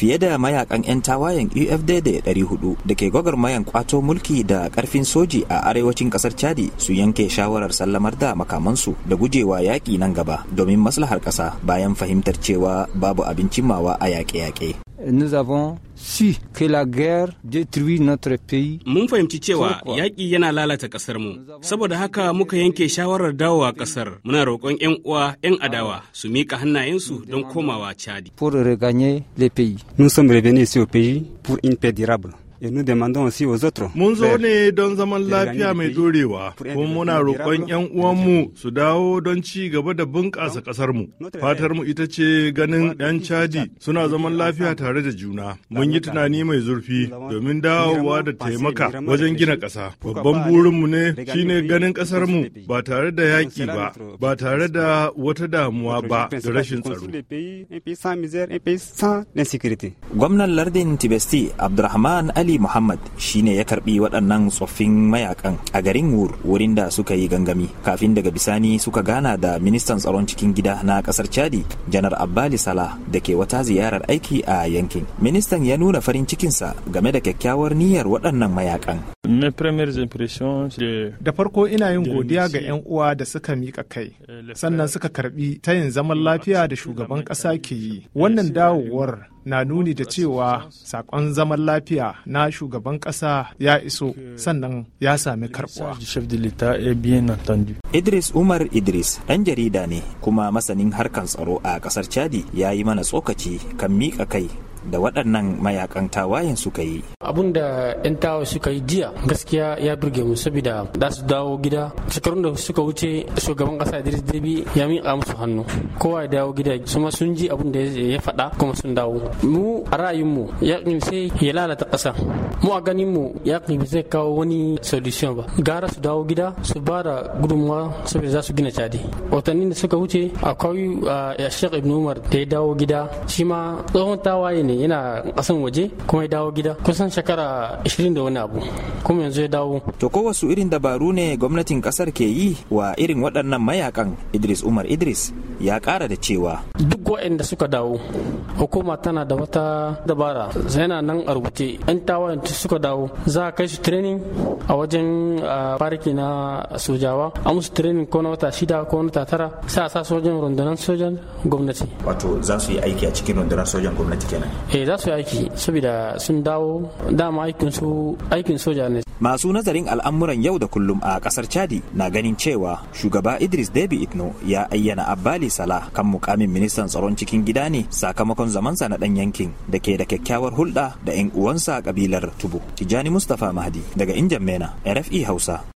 fiye da mayakan 'yan tawayen UFDD e 400 da ke gwagwarmayan kwato mulki da karfin soji a arewacin kasar Chadi su yanke shawarar sallamar da makamansu da gujewa yaƙi nan gaba domin maslahar ƙasa bayan fahimtar cewa babu abin cimawa a yaƙe-yaƙe. nous avons su que la guerre détruit notre pays. Mun fahimci cewa yaƙi yana lalata ƙasar mu. Saboda haka muka yanke shawarar dawowa ƙasar. Muna roƙon 'yan uwa 'yan adawa su miƙa hannayensu don komawa Chadi. Pour regagner le pays. Nous sommes revenus au pays pour une paix durable. Mun zo ne don zaman lafiya mai dorewa, kuma muna roƙon 'yan uwanmu su dawo don ci gaba da bunƙasa ƙasarmu. mu ita ce ganin 'yan Chadi suna zaman lafiya tare da juna. Mun yi tunani mai zurfi domin dawowa da taimaka wajen gina ƙasa. Babban burinmu ne shine ganin ƙasarmu ba tare da yaƙi ba, ba tare da wata damuwa ba da rashin tsaro. Gwamnan lardin Tibesti Abdulrahman Ali ali muhammad shine ya karbi waɗannan tsoffin mayakan a garin wur wurin da suka yi gangami kafin daga bisani suka gana da ministan tsaron cikin gida na ƙasar chadi janar abbali sala da ke wata ziyarar aiki a yankin ministan ya nuna farin cikinsa game da kyakkyawar niyyar waɗannan mayakan da farko ina yin godiya ga 'yan uwa da suka miƙa kai eh, sannan suka karbi tayin zaman lafiya da shugaban ƙasa ke yi wannan dawowar na nuni da cewa sakon zaman lafiya na shugaban ƙasa ya iso sannan ya sami karbuwa. Idris Umar Idris ɗan jarida ne kuma masanin harkan tsaro a ƙasar Chadi ya yi mana tsokaci kan miƙa kai da waɗannan mayakan tawayen suka yi. abun da yan tawa suka yi jiya gaskiya ya burge mu saboda da su dawo gida shekarun da suka wuce shugaban kasa Idris bi ya miƙa musu hannu kowa ya dawo gida kuma sun ji abun da ya faɗa kuma sun dawo mu a ra'ayinmu ya sai ya lalata ƙasa mu a ganin mu yakin ba zai kawo wani solution ba gara su dawo gida su ba da gudunmawa saboda za su gina cadi watanni da suka wuce akwai a Sheikh Ibn Umar da ya dawo gida shi ma tsohon tawaye ne yana ƙasan waje kuma ya dawo gida kusan shekara 20 da wani abu kuma yanzu ya dawo to ko wasu irin dabaru ne gwamnatin kasar ke yi wa irin waɗannan mayakan idris umar idris ya ƙara da cewa duk inda suka dawo hukuma tana da wata dabara zaina nan a rubuce yan tawayen suka dawo za a kai su training a wajen fariki na sojawa a musu training ko na wata shida ko na wata tara sa sa sojan rundunar sojan gwamnati wato za su yi aiki a cikin rundunar sojan gwamnati kenan eh za su yi aiki saboda sun dawo dama aikin su aikin soja ne masu nazarin al'amuran yau da kullum a kasar chadi na ganin cewa shugaba idris debi itno ya ayyana abali sala kan mukamin ministan tsaro tsaron cikin gida ne sakamakon zamansa na ɗan yankin da ke da kyakkyawar hulɗa da 'yan uwansa a kabilar Tubu. Tijjani Mustapha Mahdi daga mena RFI Hausa.